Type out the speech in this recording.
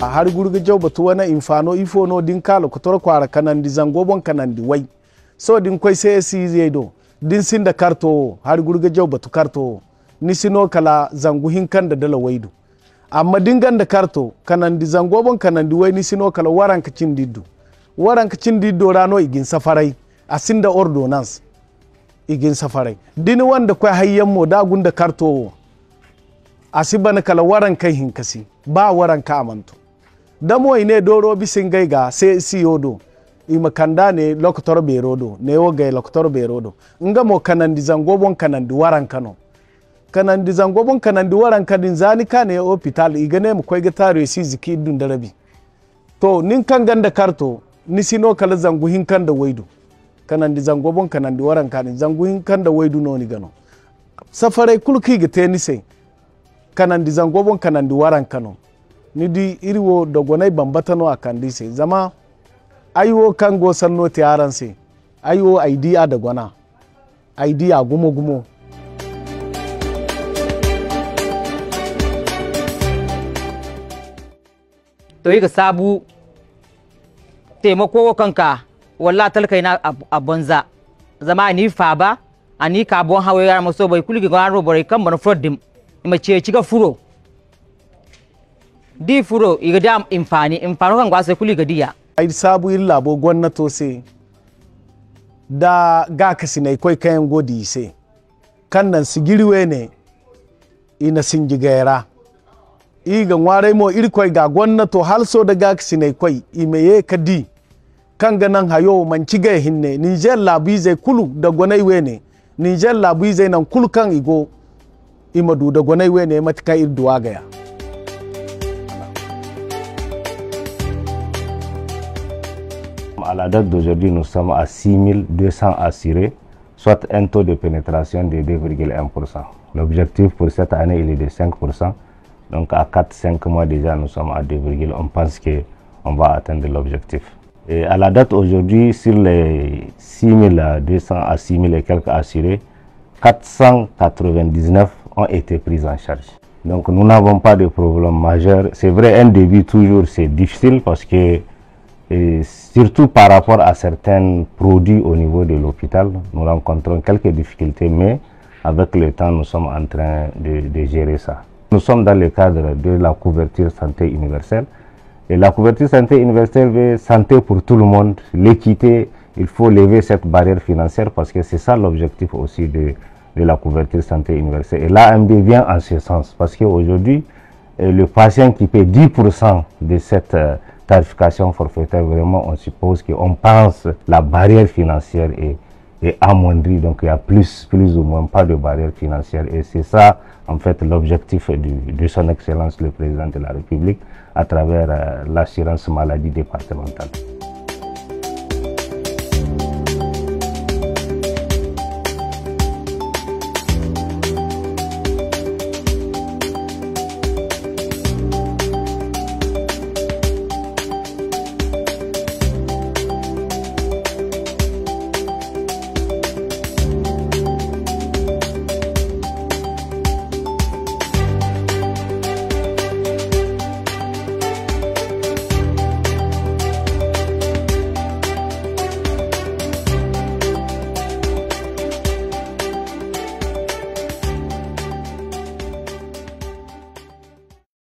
a har gurgu jau batu wana infano ifo no din kala kutor kwara di zango bon di wai so din kwai sai esi zai do din sin da karto har gurgu jau batu karto ni sino kala zangu kan da dala waidu amma din da karto di zango bon di wai ni sino kala waran ka cin diddu waran ka cin diddo rano igin safarai a sin da ordonance igin safarai din wanda kwai hayyan mo dagun da karto a kala waran kai hinkasi ba waran ka amanto damo ine doro bisin ga se i makanda ne be rodo ne wo gai e be rodo nga mo bon zangobon di waran kano bon zangobon di waran kadin zani kane e hospital gane mu koy gataro si ziki dun darabi to nin kan ganda karto ni sino kala zangu hin kan da waidu bon zangobon di waran kanin zangu hin kan da waidu noni gano safarai kulki gite ni sai bon zangobon di waran kano ni di iriwo dogonai bambatano a kandise zama aiwo go sanno ti aranse aiwo aidi a dogona aidi a gumo gumo to yi ga sabu taimako wa kanka walla talkai na a banza zama ni fa ba ani kabon hawa yara maso bai kulki gwan robore kan ban dim ma ce ci ga furo di furo igada imfani imfani kan gwasa kuli gadiya ai sabu illa bo gwamnato se da ga kasinai koi kayan godi se kan nan sigirwe ne ina singigaira iga warai mo irkoi ga gwamnato hal so da ga kasinai koi imeye kadi kan ganan hayo man ga hinne niger labi zai kulu da gwanai wene niger labi zai nan kulu kan igo imadu da gwanai wene matakai irduwa gaya à la date d'aujourd'hui, nous sommes à 6200 assurés, soit un taux de pénétration de 2,1%. L'objectif pour cette année, il est de 5%. Donc à 4-5 mois déjà, nous sommes à 2, on pense qu'on va atteindre l'objectif. Et à la date aujourd'hui, sur les 6200 à 6000 et quelques assurés, 499 ont été pris en charge. Donc nous n'avons pas de problème majeur. C'est vrai, un début toujours, c'est difficile parce que et surtout par rapport à certains produits au niveau de l'hôpital, nous rencontrons quelques difficultés, mais avec le temps, nous sommes en train de, gérer ça. Nous sommes dans le cadre de la couverture santé universelle. Et la couverture santé universelle veut santé pour tout le monde, l'équité. Il faut lever cette barrière financière parce que c'est ça l'objectif aussi de, de la couverture santé universelle. Et l'AMB vient en ce sens parce qu'aujourd'hui, euh, le patient qui paie 10% de cette euh, tarification forfaitaire, vraiment, on suppose qu'on pense la barrière financière est, est amoindrie, donc il y a plus, plus ou moins pas de barrière financière. Et c'est ça, en fait, l'objectif de, son Excellence le Président de la République à travers euh, l'assurance maladie départementale.